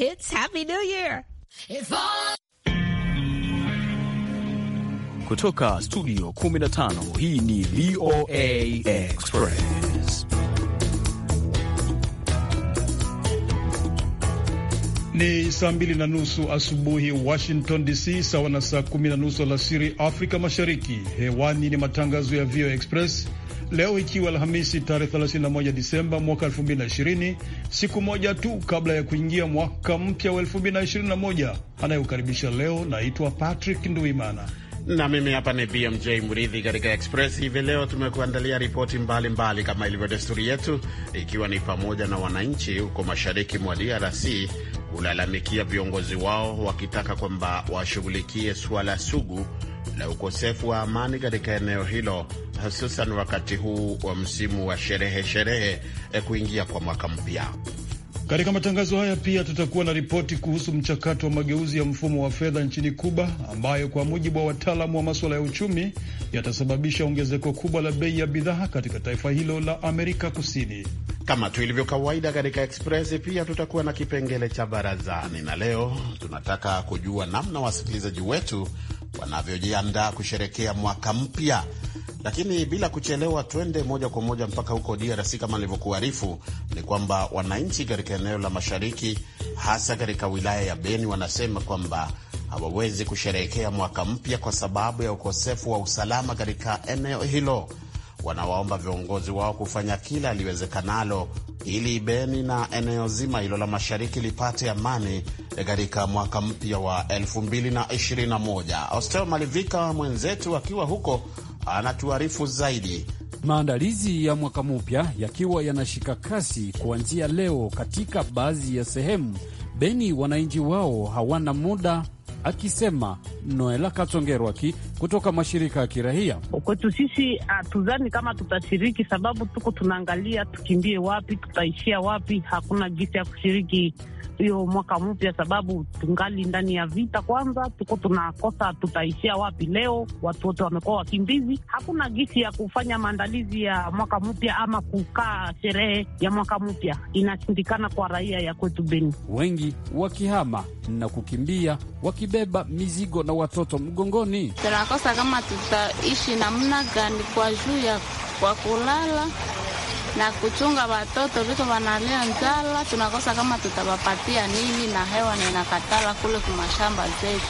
It's Happy New Year. If all... Kutoka studio 15 hii ni VOA Express. Ni saa mbili na nusu asubuhi Washington DC, sawa na saa kumi na nusu alasiri Afrika Mashariki. Hewani ni matangazo ya VOA Express. Leo ikiwa Alhamisi tarehe 31 Disemba mwaka 2020, siku moja tu kabla ya kuingia mwaka mpya wa 2021. Anayokaribisha leo naitwa Patrick Nduimana na mimi hapa ni BMJ Mridhi katika Express. Hivi leo tumekuandalia ripoti mbalimbali kama ilivyo desturi yetu, ikiwa ni pamoja na wananchi huko mashariki mwa DRC kulalamikia viongozi wao wakitaka kwamba washughulikie suala sugu na ukosefu wa amani katika eneo hilo, hususan wakati huu wa msimu wa sherehe sherehe eh, kuingia kwa mwaka mpya. Katika matangazo haya pia tutakuwa na ripoti kuhusu mchakato wa mageuzi ya mfumo wa fedha nchini Kuba, ambayo kwa mujibu wa wataalamu wa maswala ya uchumi yatasababisha ongezeko kubwa la bei ya bidhaa katika taifa hilo la Amerika Kusini. Kama tu ilivyo kawaida katika Express, pia tutakuwa na kipengele cha barazani, na leo tunataka kujua namna wasikilizaji wetu wanavyojiandaa kusherekea mwaka mpya. Lakini bila kuchelewa, twende moja kwa moja mpaka huko DRC. Kama nilivyokuarifu, ni kwamba wananchi katika eneo la mashariki, hasa katika wilaya ya Beni, wanasema kwamba hawawezi kusherehekea mwaka mpya kwa sababu ya ukosefu wa usalama katika eneo hilo wanawaomba viongozi wao kufanya kila aliwezekanalo ili Beni na eneo zima hilo la mashariki lipate amani katika mwaka mpya wa 2021. Ostel Malivika mwenzetu akiwa huko anatuarifu zaidi. Maandalizi ya mwaka mpya yakiwa yanashika kasi kuanzia leo katika baadhi ya sehemu Beni, wananchi wao hawana muda akisema Noela ki kutoka mashirika ya kirahia Kwetu sisi hatuzani ah, kama tutashiriki, sababu tuko tunaangalia tukimbie wapi, tutaishia wapi, hakuna gisi ya kushiriki hiyo mwaka mpya, sababu tungali ndani ya vita. Kwanza tuko tunakosa tutaishia wapi leo, watu wote wamekuwa wakimbizi, hakuna gisi ya kufanya maandalizi ya mwaka mpya ama kukaa sherehe ya mwaka mpya, inashindikana kwa raia ya kwetu Beni, wengi wakihama na kukimbia wakibeba mizigo na watoto mgongoni. Tunakosa kama tutaishi namna gani kwa juu ya kwa kulala na kuchunga watoto, viko wanalia njala, tunakosa kama tutawapatia nini, na hewa na inakatala kule kumashamba zetu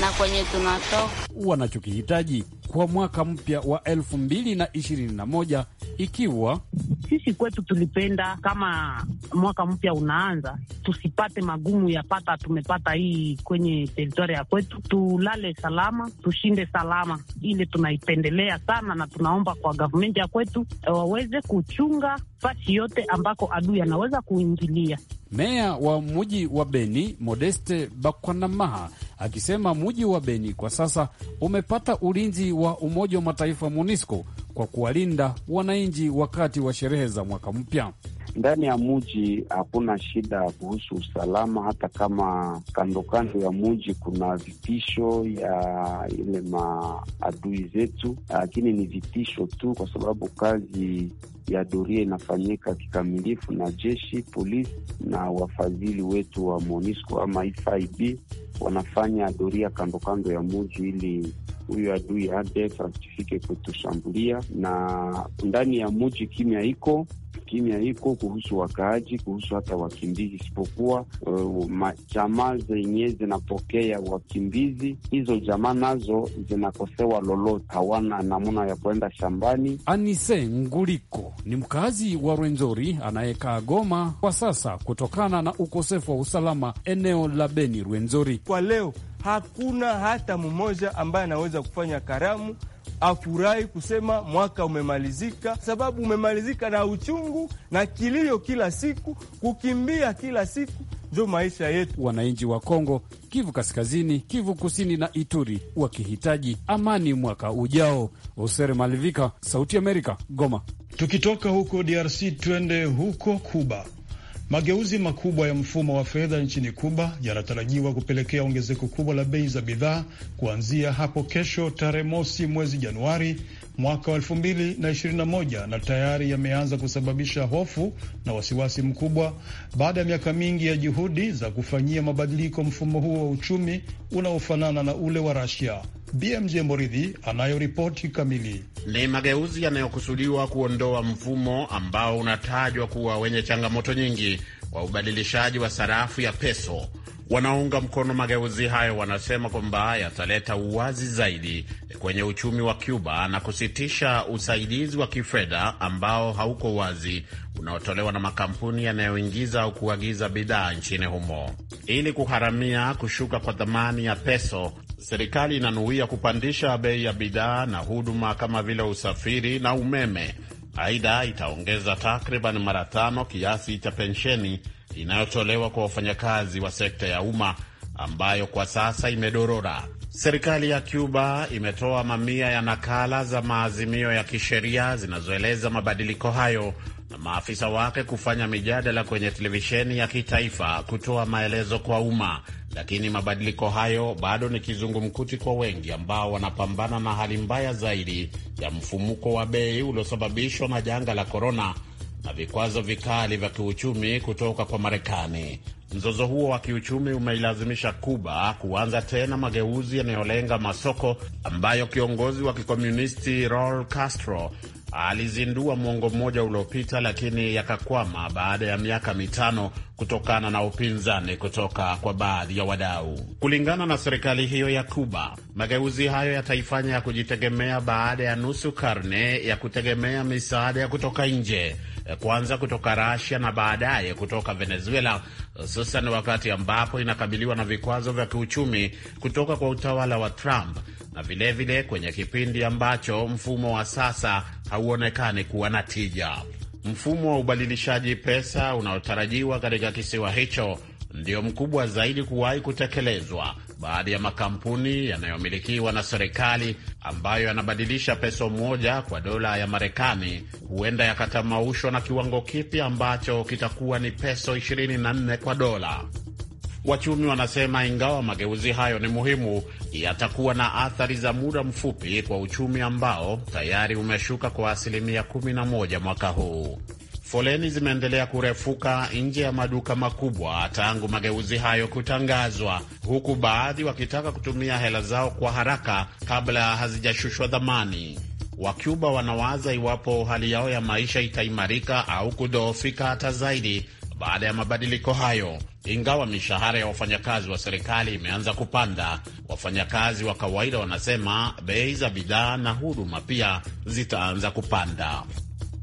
na kwenye tunatoka wanachokihitaji kwa mwaka mpya wa elfu mbili na ishirini na moja ikiwa sisi kwetu tulipenda kama mwaka mpya unaanza tusipate magumu ya pata tumepata hii kwenye teritoria ya kwetu, tulale salama, tushinde salama. Ile tunaipendelea sana, na tunaomba kwa gavumenti ya kwetu eh, waweze kuchunga fasi yote ambako adui anaweza kuingilia. Meya wa muji wa Beni Modeste Bakwanamaha akisema muji wa Beni kwa sasa umepata ulinzi wa Umoja wa Mataifa MONUSCO kwa kuwalinda wananchi wakati wa sherehe za mwaka mpya. Ndani ya muji hakuna shida kuhusu usalama, hata kama kando kando ya muji kuna vitisho ya ile maadui zetu, lakini ni vitisho tu, kwa sababu kazi ya doria inafanyika kikamilifu na jeshi polisi na wafadhili wetu wa MONUSCO ama FIB wanafanya doria kando kando ya muji ili huyo adui aje asifike kutushambulia. Na ndani ya muji kimya iko kimya iko kuhusu wakaaji, kuhusu hata wakimbizi, isipokuwa uh, jamaa zenye zinapokea wakimbizi, hizo jamaa nazo zinakosewa lolote, hawana namuna ya kuenda shambani. Anise Nguliko ni mkazi wa Rwenzori anayekaa Goma kwa sasa kutokana na ukosefu wa usalama eneo la Beni Rwenzori. Kwa leo hakuna hata mmoja ambaye anaweza kufanya karamu afurahi kusema mwaka umemalizika, sababu umemalizika na uchungu na kilio kila siku, kukimbia kila siku, njo maisha yetu. Wananchi wa Kongo, Kivu Kaskazini, Kivu Kusini na Ituri wakihitaji amani mwaka ujao. Osere Malivika, Sauti Amerika, Goma. Tukitoka huko DRC twende huko Kuba. Mageuzi makubwa ya mfumo wa fedha nchini Kuba yanatarajiwa kupelekea ongezeko kubwa la bei za bidhaa kuanzia hapo kesho tarehe mosi mwezi Januari mwaka wa elfu mbili na ishirini na moja na tayari yameanza kusababisha hofu na wasiwasi mkubwa baada ya miaka mingi ya juhudi za kufanyia mabadiliko mfumo huo wa uchumi unaofanana na ule wa Rasia. BMJ Moridhi ripoti kamili. Ni mageuzi yanayokusudiwa kuondoa mfumo ambao unatajwa kuwa wenye changamoto nyingi wa ubadilishaji wa sarafu ya peso. Wanaunga mkono mageuzi hayo wanasema kwamba yataleta uwazi zaidi kwenye uchumi wa Cuba na kusitisha usaidizi wa kifedha ambao hauko wazi unaotolewa na makampuni yanayoingiza au kuagiza bidhaa nchini humo. Ili kuharamia kushuka kwa thamani ya peso, Serikali inanuia kupandisha bei ya bidhaa na huduma kama vile usafiri na umeme. Aidha, itaongeza takriban mara tano kiasi cha pensheni inayotolewa kwa wafanyakazi wa sekta ya umma ambayo kwa sasa imedorora. Serikali ya Cuba imetoa mamia ya nakala za maazimio ya kisheria zinazoeleza mabadiliko hayo na maafisa wake kufanya mijadala kwenye televisheni ya kitaifa kutoa maelezo kwa umma lakini mabadiliko hayo bado ni kizungumkuti kwa wengi ambao wanapambana na hali mbaya zaidi ya mfumuko wa bei uliosababishwa na janga la korona na vikwazo vikali vya kiuchumi kutoka kwa Marekani. Mzozo huo wa kiuchumi umeilazimisha Kuba kuanza tena mageuzi yanayolenga masoko ambayo kiongozi wa kikomunisti Raul Castro alizindua mwongo mmoja uliopita, lakini yakakwama baada ya miaka mitano kutokana na upinzani kutoka kwa baadhi ya wadau. Kulingana na serikali hiyo ya Kuba, mageuzi hayo yataifanya ya kujitegemea baada ya nusu karne ya kutegemea misaada ya kutoka nje. Eh, kwanza kutoka Russia na baadaye kutoka Venezuela, hususan wakati ambapo inakabiliwa na vikwazo vya kiuchumi kutoka kwa utawala wa Trump na vilevile vile kwenye kipindi ambacho mfumo wa sasa hauonekani kuwa na tija. Mfumo wa ubadilishaji pesa unaotarajiwa katika kisiwa hicho ndio mkubwa zaidi kuwahi kutekelezwa. Baadhi ya makampuni yanayomilikiwa na serikali ambayo yanabadilisha peso moja kwa dola ya Marekani huenda yakatamaushwa na kiwango kipya ambacho kitakuwa ni peso 24 kwa dola. Wachumi wanasema ingawa mageuzi hayo ni muhimu, yatakuwa na athari za muda mfupi kwa uchumi ambao tayari umeshuka kwa asilimia 11 mwaka huu. Foleni zimeendelea kurefuka nje ya maduka makubwa tangu mageuzi hayo kutangazwa, huku baadhi wakitaka kutumia hela zao kwa haraka kabla hazijashushwa dhamani. Wacuba wanawaza iwapo hali yao ya maisha itaimarika au kudhoofika hata zaidi baada ya mabadiliko hayo. Ingawa mishahara ya wafanyakazi wa serikali imeanza kupanda, wafanyakazi wa kawaida wanasema bei za bidhaa na huduma pia zitaanza kupanda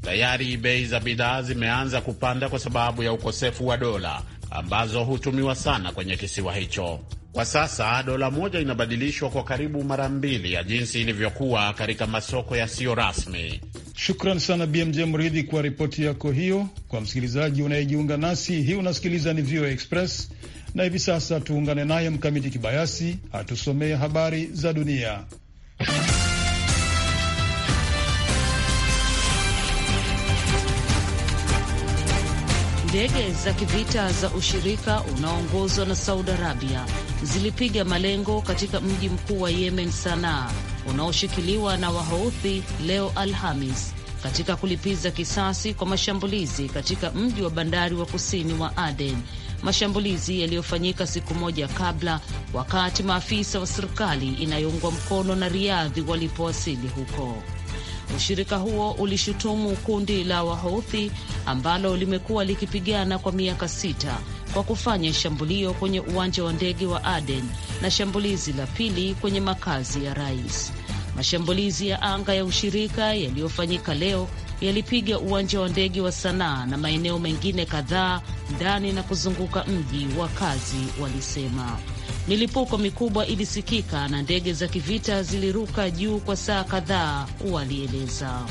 tayari bei za bidhaa zimeanza kupanda kwa sababu ya ukosefu wa dola ambazo hutumiwa sana kwenye kisiwa hicho. Kwa sasa dola moja inabadilishwa kwa karibu mara mbili ya jinsi ilivyokuwa katika masoko yasiyo rasmi. Shukran sana BMJ Mridhi kwa ripoti yako hiyo. Kwa msikilizaji unayejiunga nasi, hii unasikiliza ni VOA Express, na hivi sasa tuungane naye Mkamiti Kibayasi atusomee habari za dunia. Ndege za kivita za ushirika unaoongozwa na Saudi Arabia zilipiga malengo katika mji mkuu wa Yemen, Sanaa, unaoshikiliwa na Wahouthi leo Alhamis, katika kulipiza kisasi kwa mashambulizi katika mji wa bandari wa kusini wa Aden, mashambulizi yaliyofanyika siku moja kabla, wakati maafisa wa serikali inayoungwa mkono na Riadhi walipowasili huko. Ushirika huo ulishutumu kundi la Wahouthi ambalo limekuwa likipigana kwa miaka sita kwa kufanya shambulio kwenye uwanja wa ndege wa Aden na shambulizi la pili kwenye makazi ya rais. Mashambulizi ya anga ya ushirika yaliyofanyika leo yalipiga uwanja wa ndege wa Sanaa na maeneo mengine kadhaa ndani na kuzunguka mji, wakazi walisema. Milipuko mikubwa ilisikika na ndege za kivita ziliruka juu kwa saa kadhaa, walieleza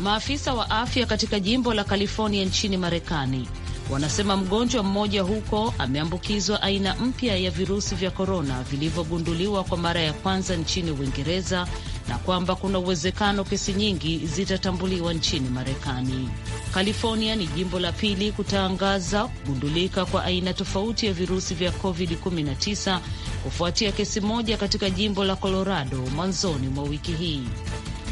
maafisa wa afya katika jimbo la California nchini Marekani. Wanasema mgonjwa mmoja huko ameambukizwa aina mpya ya virusi vya korona vilivyogunduliwa kwa mara ya kwanza nchini Uingereza na kwamba kuna uwezekano kesi nyingi zitatambuliwa nchini Marekani. California ni jimbo la pili kutangaza kugundulika kwa aina tofauti ya virusi vya COVID-19 kufuatia kesi moja katika jimbo la Colorado mwanzoni mwa wiki hii.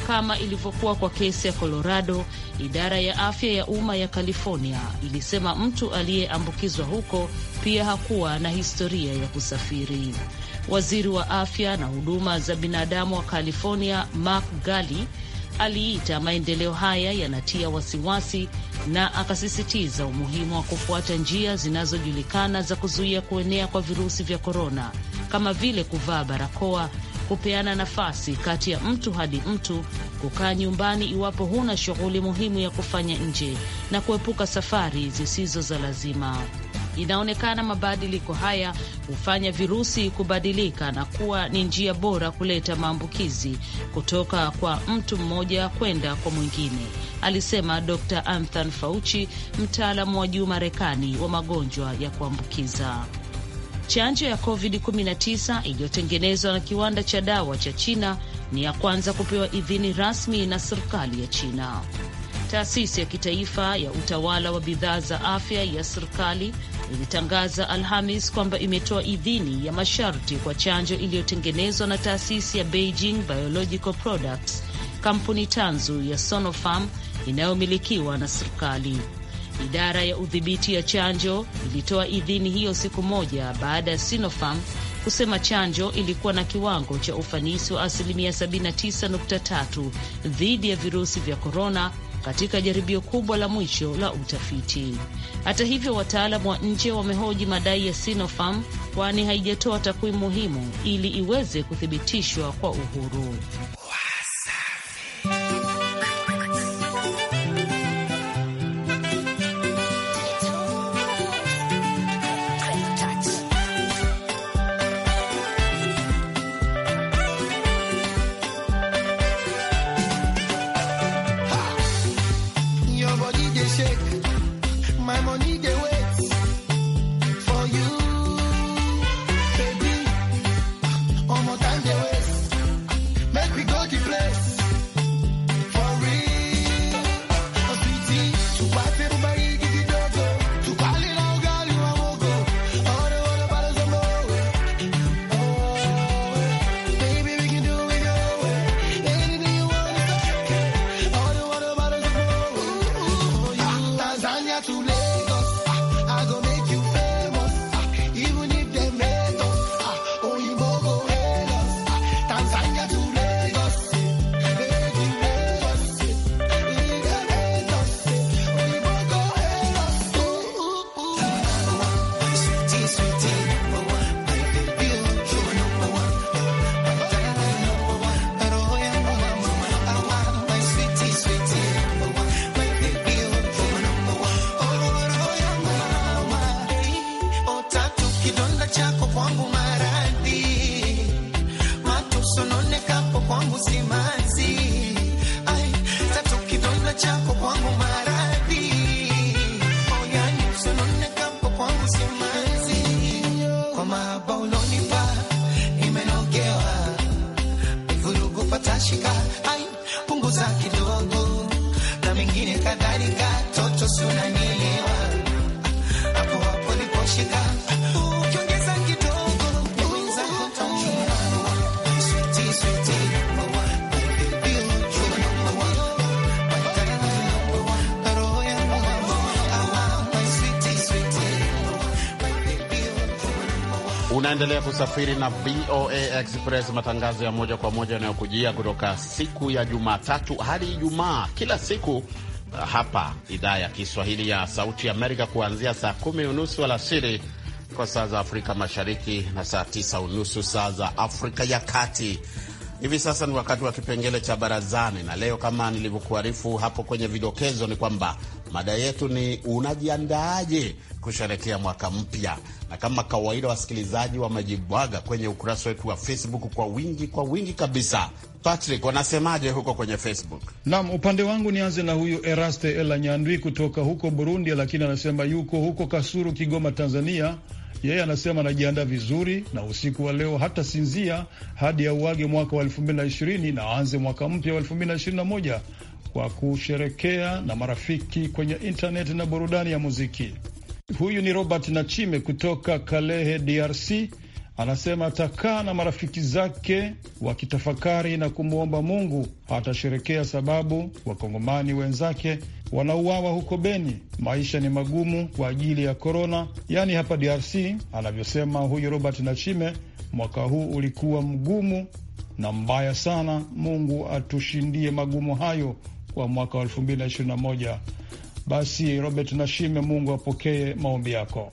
Kama ilivyokuwa kwa kesi ya Colorado, idara ya afya ya umma ya California ilisema mtu aliyeambukizwa huko pia hakuwa na historia ya kusafiri. Waziri wa afya na huduma za binadamu wa California, Mark Gali, aliita maendeleo haya yanatia wasiwasi na akasisitiza umuhimu wa kufuata njia zinazojulikana za kuzuia kuenea kwa virusi vya korona kama vile kuvaa barakoa, kupeana nafasi kati ya mtu hadi mtu, kukaa nyumbani iwapo huna shughuli muhimu ya kufanya nje na kuepuka safari zisizo za lazima. Inaonekana mabadiliko haya hufanya virusi kubadilika na kuwa ni njia bora kuleta maambukizi kutoka kwa mtu mmoja kwenda kwa mwingine, alisema Dr. Anthony Fauci, mtaalamu wa juu Marekani wa magonjwa ya kuambukiza. Chanjo ya COVID-19 iliyotengenezwa na kiwanda cha dawa cha China ni ya kwanza kupewa idhini rasmi na serikali ya China. Taasisi ya kitaifa ya utawala wa bidhaa za afya ya serikali ilitangaza Alhamis kwamba imetoa idhini ya masharti kwa chanjo iliyotengenezwa na taasisi ya Beijing Biological Products, kampuni tanzu ya Sinopharm inayomilikiwa na serikali. Idara ya udhibiti ya chanjo ilitoa idhini hiyo siku moja baada ya Sinopharm kusema chanjo ilikuwa na kiwango cha ufanisi wa asilimia 79.3 dhidi ya virusi vya korona katika jaribio kubwa la mwisho la utafiti. Hata hivyo, wataalamu wa nje wamehoji madai ya Sinopharm kwani haijatoa takwimu muhimu ili iweze kuthibitishwa kwa uhuru. Unaendelea kusafiri na VOA Express, matangazo ya moja kwa moja yanayokujia kutoka siku ya Jumatatu hadi Ijumaa kila siku uh, hapa idhaa ya Kiswahili ya Sauti Amerika, kuanzia saa kumi unusu alasiri kwa saa za Afrika Mashariki na saa tisa unusu saa za Afrika ya Kati. Hivi sasa ni wakati wa kipengele cha barazani, na leo kama nilivyokuarifu hapo kwenye vidokezo, ni kwamba mada yetu ni unajiandaaje kusherekea mwaka mpya? na kama kawaida, wasikilizaji wamejibwaga kwenye ukurasa wetu wa Facebook kwa wingi, kwa wingi kabisa. Patrick, wanasemaje huko kwenye Facebook? Naam, upande wangu nianze na huyu Eraste Ela Nyandwi kutoka huko Burundi, lakini anasema yuko huko Kasuru, Kigoma, Tanzania. Yeye anasema anajiandaa vizuri na usiku wa leo hata sinzia hadi auage mwaka wa 2020 na aanze mwaka mpya wa 2021 kwa kusherekea na marafiki kwenye intaneti na burudani ya muziki. Huyu ni Robert Nachime kutoka Kalehe, DRC. Anasema atakaa na marafiki zake wakitafakari na kumwomba Mungu atasherekea, sababu wakongomani wenzake wanauawa huko Beni. Maisha ni magumu kwa ajili ya korona, yaani hapa DRC. Anavyosema huyu Robert Nachime, mwaka huu ulikuwa mgumu na mbaya sana. Mungu atushindie magumu hayo kwa mwaka wa 2021. Basi Robert Nashime, Mungu apokee maombi yako.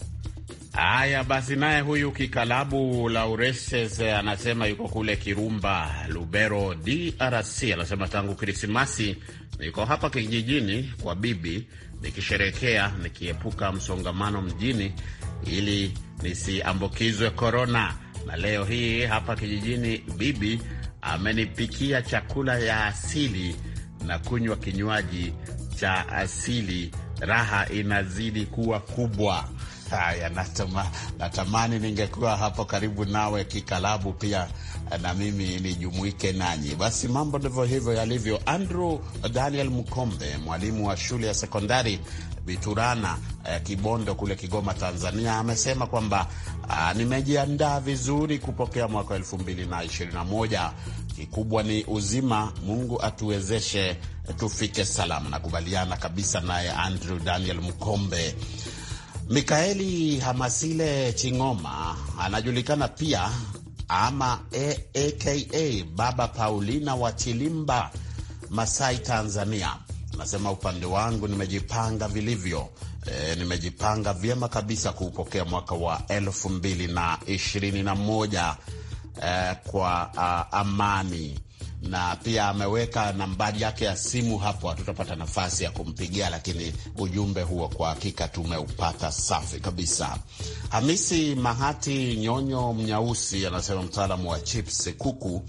Haya basi, naye huyu kikalabu Laureses anasema yuko kule Kirumba, Lubero, DRC. Anasema tangu Krismasi niko hapa kijijini kwa bibi, nikisherekea, nikiepuka msongamano mjini ili nisiambukizwe korona. Na leo hii hapa kijijini bibi amenipikia chakula ya asili na kunywa kinywaji cha asili, raha inazidi kuwa kubwa. Haya, natama, natamani ningekuwa hapo karibu nawe kikalabu, pia na mimi nijumuike nanyi. Basi mambo ndivyo hivyo yalivyo. Andrew Daniel Mkombe, mwalimu wa shule ya sekondari Biturana eh, Kibondo kule Kigoma, Tanzania, amesema kwamba ah, nimejiandaa vizuri kupokea mwaka 221 Kikubwa ni uzima. Mungu atuwezeshe tufike salama. Nakubaliana kabisa naye Andrew Daniel Mkombe. Mikaeli Hamasile Chingoma anajulikana pia ama aka Baba Paulina wa Chilimba, Masai, Tanzania, anasema upande wangu nimejipanga vilivyo. E, nimejipanga vyema kabisa kuupokea mwaka wa elfu mbili na ishirini na moja e, kwa a, amani na pia ameweka nambari yake ya simu hapo. Hatutapata nafasi ya kumpigia, lakini ujumbe huo kwa hakika tumeupata. Safi kabisa. Hamisi Mahati Nyonyo Mnyausi anasema mtaalamu wa chips kuku,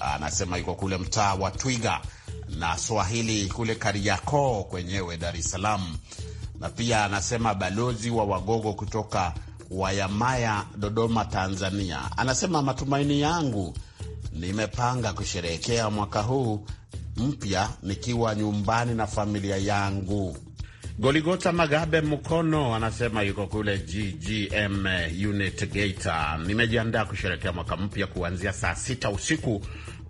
anasema iko kule mtaa wa Twiga na Swahili kule Kariakoo kwenyewe Dar es Salaam, na pia anasema balozi wa Wagogo kutoka Wayamaya, Dodoma, Tanzania, anasema matumaini yangu Nimepanga kusherehekea mwaka huu mpya nikiwa nyumbani na familia yangu. Goligota Magabe Mkono anasema yuko kule GGM unit Geita. Nimejiandaa kusherehekea mwaka mpya kuanzia saa sita usiku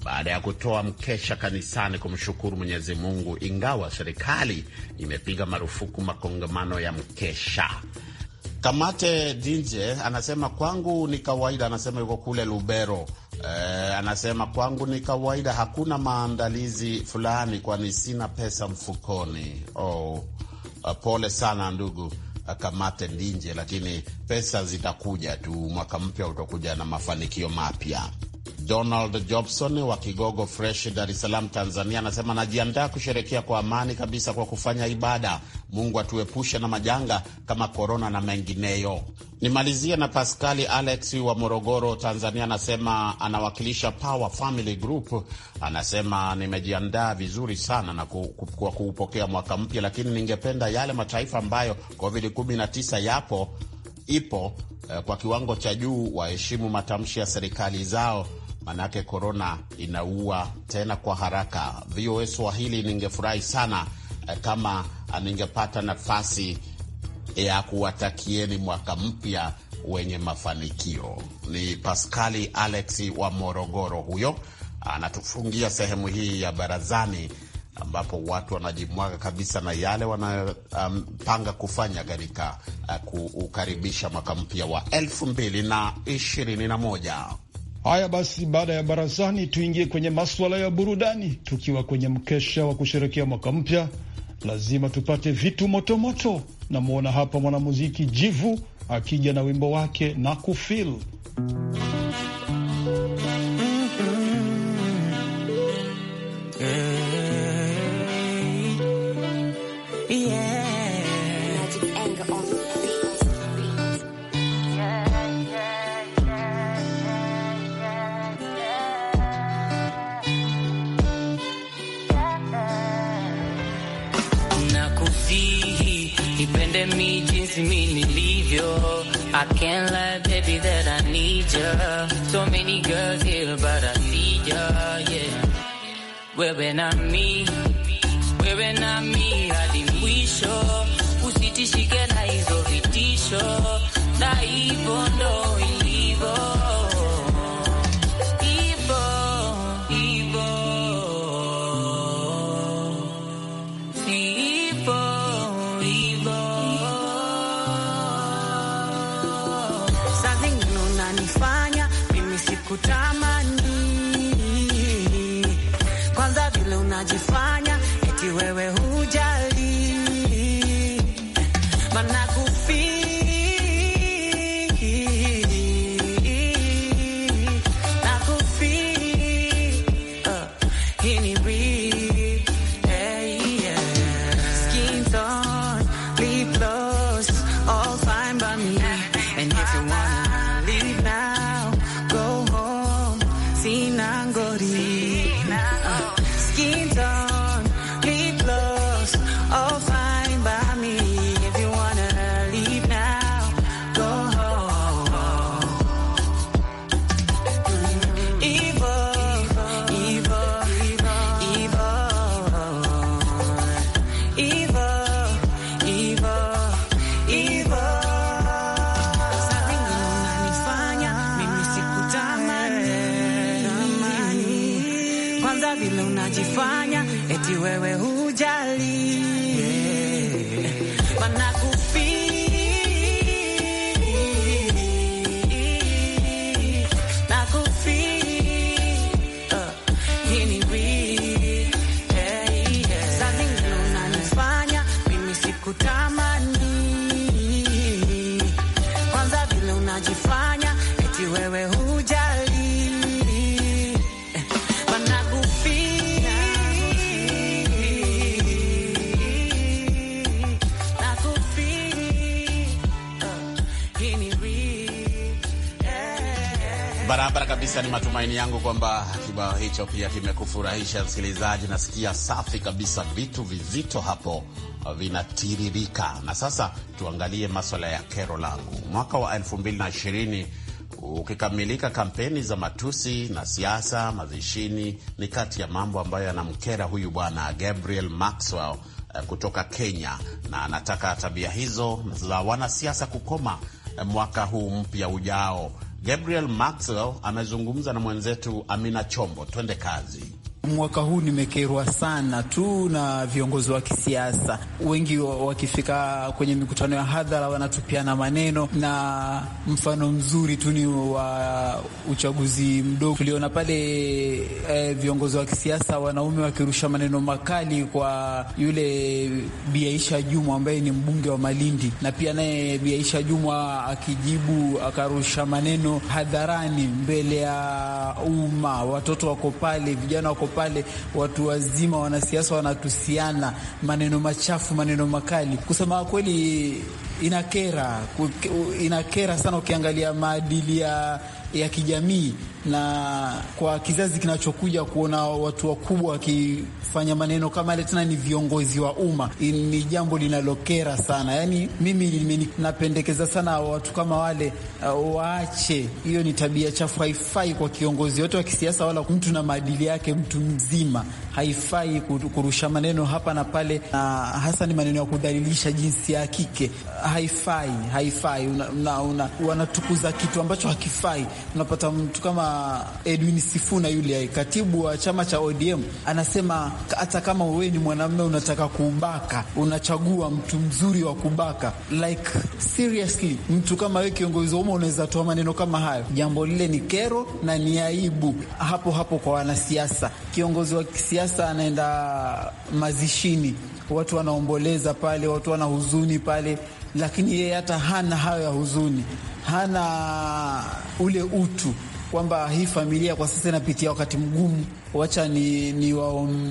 baada ya kutoa mkesha kanisani kumshukuru Mwenyezi Mungu, ingawa serikali imepiga marufuku makongamano ya mkesha. Kamate Dinje anasema kwangu ni kawaida, anasema yuko kule Lubero Eh, anasema kwangu ni kawaida, hakuna maandalizi fulani, kwani sina pesa mfukoni. Oh, eh, pole sana ndugu Kamate Ndinje, lakini pesa zitakuja tu, mwaka mpya utakuja na mafanikio mapya. Donald Jobson wa Kigogo Fresh, Dar es Salaam, Tanzania, anasema anajiandaa kusherekea kwa amani kabisa kwa kufanya ibada. Mungu atuepushe na majanga kama korona na mengineyo. Nimalizie na Paskali Alex wa Morogoro, Tanzania, anasema anawakilisha Power Family Group. Anasema nimejiandaa vizuri sana na kwa kuupokea mwaka mpya, lakini ningependa yale mataifa ambayo COVID-19 yapo ipo eh, kwa kiwango cha juu, waheshimu matamshi ya serikali zao, manake korona inaua tena kwa haraka. VOA Swahili, ningefurahi sana eh, kama eh, ningepata nafasi ya kuwatakieni mwaka mpya wenye mafanikio. Ni Paskali Alexi wa Morogoro, huyo anatufungia sehemu hii ya barazani ambapo watu wanajimwaga kabisa na yale wanayopanga um, kufanya katika uh, kuukaribisha mwaka mpya wa elfu mbili na ishirini na moja. Haya basi, baada ya barazani, tuingie kwenye maswala ya burudani. Tukiwa kwenye mkesha wa kusherekea mwaka mpya, lazima tupate vitu motomoto. Namwona hapa mwanamuziki Jivu akija na wimbo wake na kufil I can't lie, baby, that I need ya. So many girls here, but I need ya, yeah. I meet, where when I meet. Barabara kabisa. Ni matumaini yangu kwamba kibao hicho pia kimekufurahisha msikilizaji. Nasikia safi kabisa, vitu vizito hapo vinatiririka. Na sasa tuangalie maswala ya kero langu. Mwaka wa 2020 ukikamilika, kampeni za matusi na siasa mazishini ni kati ya mambo ambayo yanamkera huyu bwana Gabriel Maxwell eh, kutoka Kenya, na anataka tabia hizo za wanasiasa kukoma eh, mwaka huu mpya ujao Gabriel Maxwell amezungumza na mwenzetu Amina Chombo. Twende kazi. Mwaka huu nimekerwa sana tu na viongozi wa kisiasa, wengi wakifika kwenye mikutano ya hadhara wanatupiana maneno, na mfano mzuri tu ni wa uchaguzi mdogo tuliona pale eh, viongozi wa kisiasa wanaume wakirusha maneno makali kwa yule Biaisha Jumwa ambaye ni mbunge wa Malindi, na pia naye Biaisha Jumwa akijibu akarusha maneno hadharani mbele ya umma, watoto wako pale, vijana wako pale, watu wazima, wanasiasa wanatusiana maneno machafu, maneno makali. Kusema kweli, inakera, inakera sana ukiangalia maadili ya ya kijamii na kwa kizazi kinachokuja kuona watu wakubwa wakifanya maneno kama yale, tena ni viongozi wa umma, ni jambo linalokera sana. Yani mimi napendekeza sana watu kama wale uh, waache. Hiyo ni tabia chafu, haifai kwa kiongozi yote wa kisiasa wala mtu na maadili yake, mtu mzima haifai kurusha maneno hapa na pale, na hasa ni maneno ya kudhalilisha jinsi ya kike, haifai, haifai una, una, una, wanatukuza kitu ambacho hakifai unapata mtu kama Edwin Sifuna yule eh, katibu wa chama cha ODM anasema hata kama wewe ni mwanamume unataka kubaka, unachagua mtu mzuri wa kubaka. Like seriously, mtu kama wewe kiongozi wa umma unaweza toa maneno kama hayo? Jambo lile ni kero na ni aibu hapo hapo kwa wanasiasa. Kiongozi wa kisiasa anaenda mazishini watu wanaomboleza pale, watu wana huzuni pale, lakini yeye hata hana hayo ya huzuni, hana ule utu kwamba hii familia kwa sasa inapitia wakati mgumu, wacha ni, ni waom,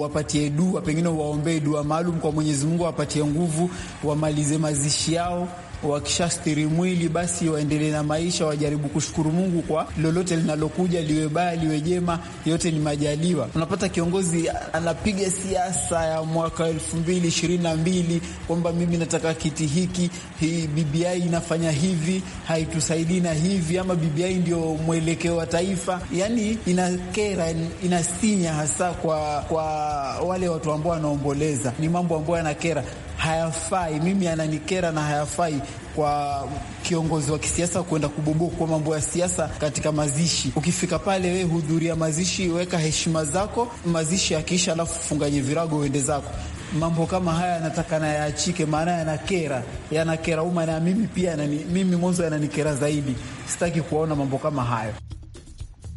wapatie dua, pengine waombee dua maalum kwa Mwenyezi Mungu, wapatie nguvu, wamalize mazishi yao wakishastiri mwili basi waendelee na maisha, wajaribu kushukuru Mungu kwa lolote linalokuja, liwe baya liwe jema, yote ni majaliwa. Unapata kiongozi anapiga siasa ya mwaka elfu mbili ishirini na mbili kwamba mimi nataka kiti hiki, hii BBI inafanya hivi, haitusaidii na hivi, ama BBI ndio mwelekeo wa taifa. Yani inakera, inasinya hasa kwa, kwa wale watu ambao wanaomboleza, ni mambo ambayo yanakera hayafai, mimi ananikera na hayafai kwa kiongozi wa kisiasa kwenda kubobokwa mambo ya siasa katika mazishi. Ukifika pale, we hudhuria mazishi, weka heshima zako, mazishi yakiisha, alafu funganye virago uende zako. Mambo kama haya yanataka nayaachike, maana yanakera, yanakera umma, na mimi pia, mimi mwanzo yananikera zaidi. Sitaki kuona mambo kama hayo.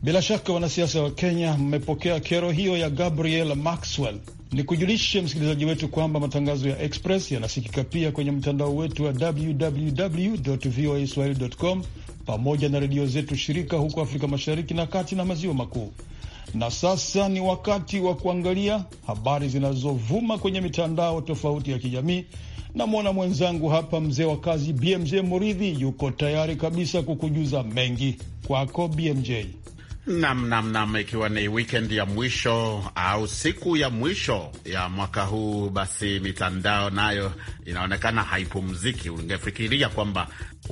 Bila shaka wanasiasa wa Kenya mmepokea kero hiyo ya Gabriel Maxwell. Ni kujulishe msikilizaji wetu kwamba matangazo ya Express yanasikika pia kwenye mtandao wetu wa www voa swahili com pamoja na redio zetu shirika huko Afrika Mashariki na kati na maziwa makuu. Na sasa ni wakati wa kuangalia habari zinazovuma kwenye mitandao tofauti ya kijamii. Namwona mwenzangu hapa mzee wa kazi BMJ Muridhi yuko tayari kabisa kukujuza mengi. Kwako BMJ. Nam, nam, nam, ikiwa ni weekend ya mwisho au siku ya mwisho ya mwaka huu, basi mitandao nayo inaonekana haipumziki. Ungefikiria kwamba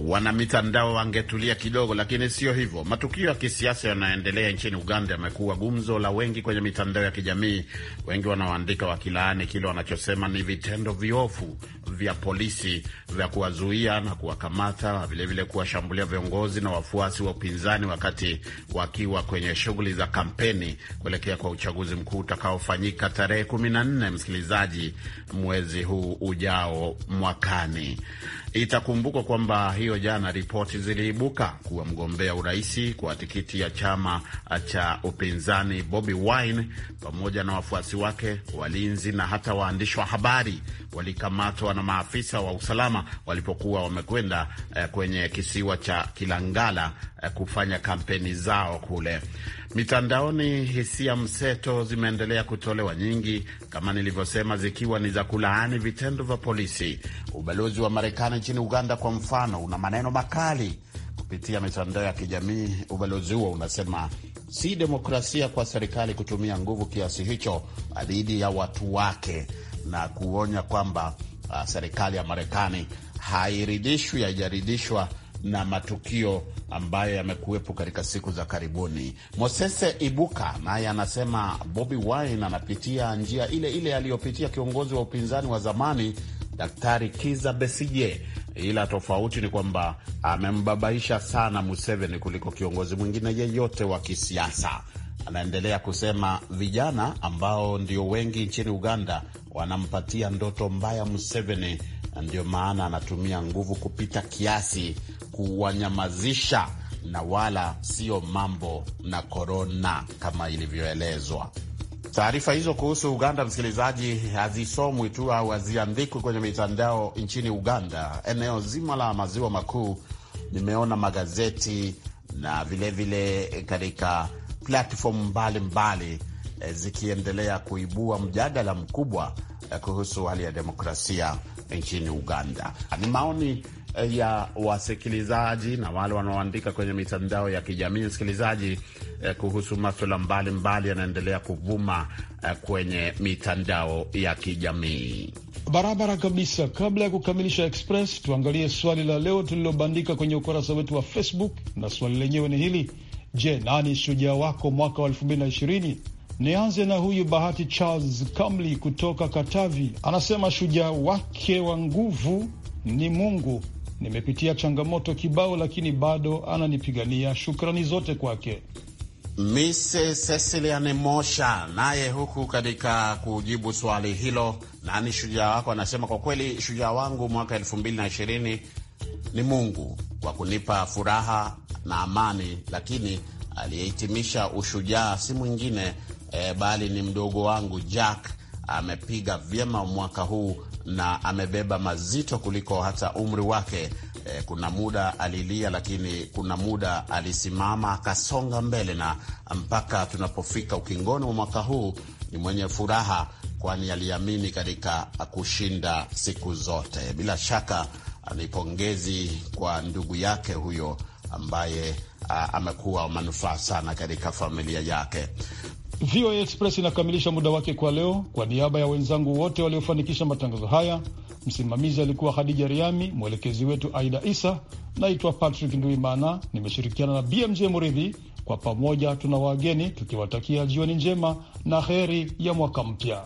wana mitandao wangetulia kidogo, lakini sio hivyo. Matukio ya kisiasa yanaendelea nchini Uganda yamekuwa gumzo la wengi kwenye mitandao ya kijamii, wengi wanaoandika wakilaani kile wanachosema ni vitendo viofu vya polisi vya kuwazuia na kuwakamata, vilevile kuwashambulia viongozi na wafuasi wa upinzani wakati wakiwa kwenye shughuli za kampeni kuelekea kwa uchaguzi mkuu utakaofanyika tarehe kumi na nne msikilizaji, mwezi huu ujao mwakani. Itakumbukwa kwamba hiyo jana ripoti ziliibuka kuwa mgombea uraisi kwa tikiti ya chama cha upinzani Bobi Wine pamoja na wafuasi wake, walinzi na hata waandishi wa habari walikamatwa na maafisa wa usalama walipokuwa wamekwenda eh, kwenye kisiwa cha Kilangala eh, kufanya kampeni zao kule. Mitandaoni hisia mseto zimeendelea kutolewa nyingi, kama nilivyosema, zikiwa ni za kulaani vitendo vya polisi. Ubalozi wa Marekani nchini Uganda, kwa mfano, una maneno makali kupitia mitandao ya kijamii. Ubalozi huo unasema si demokrasia kwa serikali kutumia nguvu kiasi hicho dhidi ya watu wake na kuonya kwamba uh, serikali ya Marekani hairidhishwi, haijaridhishwa na matukio ambayo yamekuwepo katika siku za karibuni. Mosese Ibuka naye anasema Bobi Wine anapitia njia ile ile aliyopitia kiongozi wa upinzani wa zamani Daktari Kiza Besije, ila tofauti ni kwamba amembabaisha sana Museveni kuliko kiongozi mwingine yeyote wa kisiasa. Anaendelea kusema vijana ambao ndio wengi nchini Uganda wanampatia ndoto mbaya Museveni, na ndio maana anatumia nguvu kupita kiasi kuwanyamazisha na wala sio mambo na korona kama ilivyoelezwa. Taarifa hizo kuhusu Uganda, msikilizaji, hazisomwi tu au haziandikwi kwenye mitandao nchini Uganda. Eneo zima la maziwa makuu nimeona magazeti na vilevile katika platform mbalimbali e, zikiendelea kuibua mjadala mkubwa e, kuhusu hali ya demokrasia nchini Uganda. Ni maoni Eh, ya wasikilizaji na wale wanaoandika kwenye mitandao ya kijamii msikilizaji, eh, kuhusu maswala mbalimbali yanaendelea kuvuma eh, kwenye mitandao ya kijamii barabara kabisa. Kabla ya kukamilisha Express, tuangalie swali la leo tulilobandika kwenye ukurasa wetu wa Facebook, na swali lenyewe ni hili: Je, nani shujaa wako mwaka wa elfu mbili na ishirini? Nianze na huyu Bahati Charles Kamli kutoka Katavi, anasema shujaa wake wa nguvu ni Mungu nimepitia changamoto kibao, lakini bado ananipigania. Shukrani zote kwake. Miss Cecilia Mosha naye huku katika kujibu swali hilo, nani shujaa wako? Anasema kwa kweli shujaa wangu mwaka elfu mbili na ishirini ni Mungu kwa kunipa furaha na amani, lakini aliyehitimisha ushujaa si mwingine e, bali ni mdogo wangu Jack. Amepiga vyema mwaka huu na amebeba mazito kuliko hata umri wake. E, kuna muda alilia, lakini kuna muda alisimama akasonga mbele, na mpaka tunapofika ukingoni wa mwaka huu ni mwenye furaha, kwani aliamini katika kushinda siku zote. Bila shaka ah, ni pongezi kwa ndugu yake huyo ambaye ah, amekuwa manufaa sana katika familia yake. VOA Express inakamilisha muda wake kwa leo. Kwa niaba ya wenzangu wote waliofanikisha matangazo haya, msimamizi alikuwa Hadija Riami, mwelekezi wetu Aida Isa. Naitwa Patrick Nduimana, nimeshirikiana na BMJ Muridhi. Kwa pamoja tuna wageni tukiwatakia jioni njema na heri ya mwaka mpya.